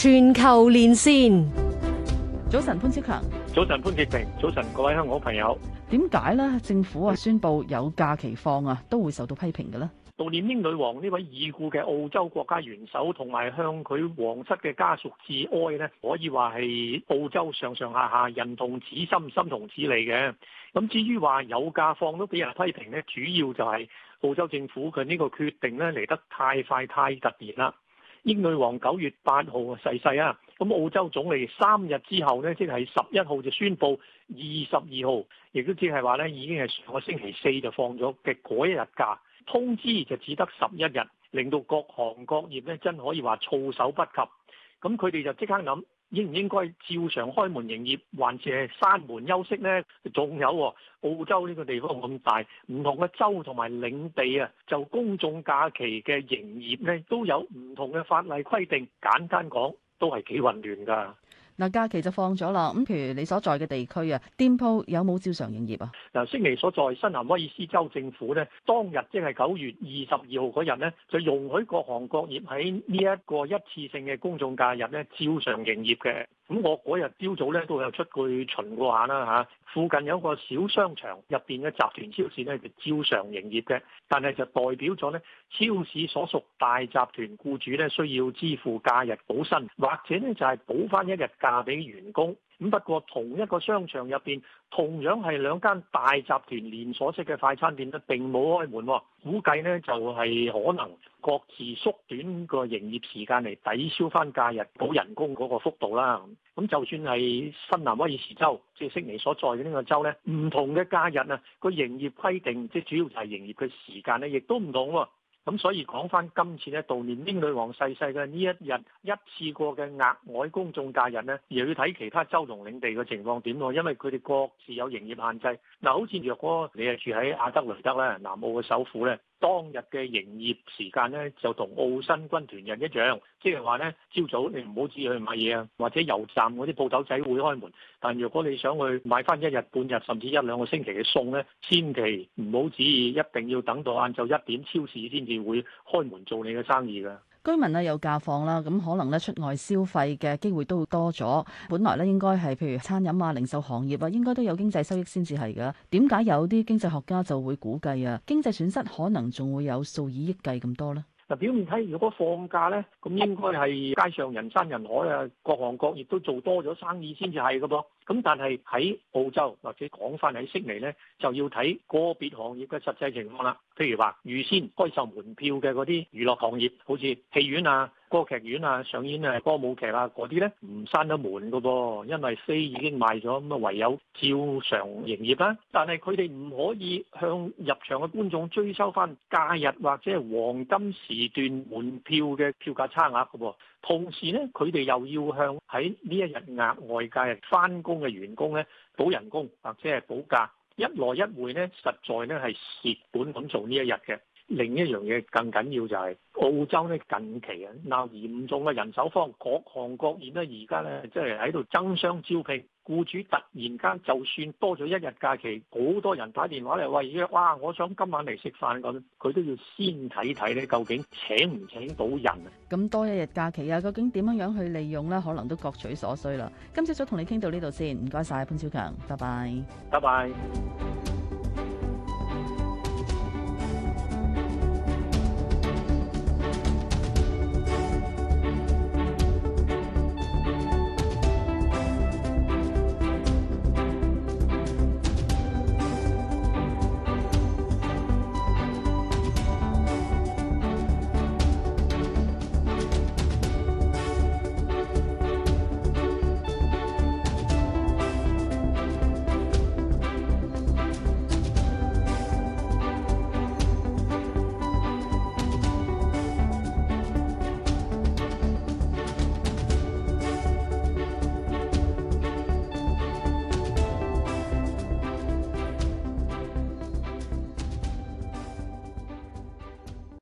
全球連線，早晨潘昭強，早晨潘潔平，早晨各位香港朋友。點解咧？政府啊宣布有假期放啊，都會受到批評嘅咧？悼念英女王呢位已故嘅澳洲國家元首，同埋向佢皇室嘅家屬致哀咧，可以話係澳洲上上下下人同此心，心同此理嘅。咁至於話有假放都俾人批評咧，主要就係澳洲政府佢呢個決定咧嚟得太快太突然啦。英女王九月八號逝世啊，咁澳洲總理三日之後呢，即係十一號就宣布，二十二號亦都即係話呢已經係上個星期四就放咗嘅嗰一日假，通知就只得十一日，令到各行各業呢真可以話措手不及。咁佢哋就即刻諗。應唔應該照常開門營業，還是係閂門休息呢？仲有澳洲呢個地方咁大，唔同嘅州同埋領地啊，就公眾假期嘅營業呢，都有唔同嘅法例規定。簡單講，都係幾混亂噶。嗱，假期就放咗啦，咁譬如你所在嘅地區啊，店鋪有冇照常營業啊？嗱，悉尼所在新南威爾斯州政府咧，當日即係九月二十二號嗰日咧，就容許各行各業喺呢一個一次性嘅公眾假日咧，照常營業嘅。咁我嗰日朝早咧都有出去巡過下啦，嚇，附近有個小商場入邊嘅集團超市咧就照常營業嘅，但係就代表咗咧，超市所屬大集團僱主咧需要支付假日補薪，或者咧就係補翻一日假俾員工。咁不過同一個商場入邊，同樣係兩間大集團連鎖式嘅快餐店都並冇開門，估計呢就係、是、可能各自縮短個營業時間嚟抵消翻假日補人工嗰個幅度啦。咁就算係新南威爾士州，即悉尼所在嘅呢個州呢，唔同嘅假日啊個營業規定，即主要就係營業嘅時間呢，亦都唔同喎。咁所以講返今次咧悼念英女王逝世嘅呢一日一次過嘅額外公眾假日咧，又要睇其他州同領地嘅情況點，因為佢哋各自有營業限制。嗱，好似若果你係住喺阿德萊德咧，南澳嘅首府咧。當日嘅營業時間咧，就同澳新軍團人一樣，即係話咧，朝早你唔好指意去買嘢啊，或者油站嗰啲鋪頭仔會開門，但如果你想去買翻一日半日，甚至一兩個星期嘅餸咧，千祈唔好指意，一定要等到晏晝一點，超市先至會開門做你嘅生意㗎。居民咧有假放啦，咁可能咧出外消費嘅機會都多咗。本來咧應該係譬如餐飲啊、零售行業啊，應該都有經濟收益先至係㗎。點解有啲經濟學家就會估計啊，經濟損失可能仲會有數以億計咁多呢？嗱，表面睇如果放假呢，咁應該係街上人山人海啊，各行各業都做多咗生意先至係㗎噃。咁但係喺澳洲或者講翻喺悉尼呢，就要睇個別行業嘅實際情況啦。譬如話，預先開售門票嘅嗰啲娛樂行業，好似戲院啊、歌劇院啊、上演誒、啊、歌舞劇啊嗰啲呢，唔閂得門㗎噃，因為飛已經賣咗，咁啊唯有照常營業啦。但係佢哋唔可以向入場嘅觀眾追收翻假日或者係黃金時段門票嘅票價差額㗎噃。同時呢，佢哋又要向喺呢一日額外假日翻工嘅員工呢，補人工或者係補價。一來一回呢，實在呢係蝕本咁做呢一日嘅。另一樣嘢更緊要就係澳洲咧，近期啊鬧嚴重嘅人手荒，各行各業咧而家咧即係喺度爭相招聘，雇主突然間就算多咗一日假期，好多人打電話嚟話：喂，哇，我想今晚嚟食飯咁，佢都要先睇睇咧，究竟請唔請到人？咁多一日假期啊，究竟點樣樣去利用咧？可能都各取所需啦。今朝早同你傾到呢度先，唔該晒。潘昭強，拜拜。拜拜。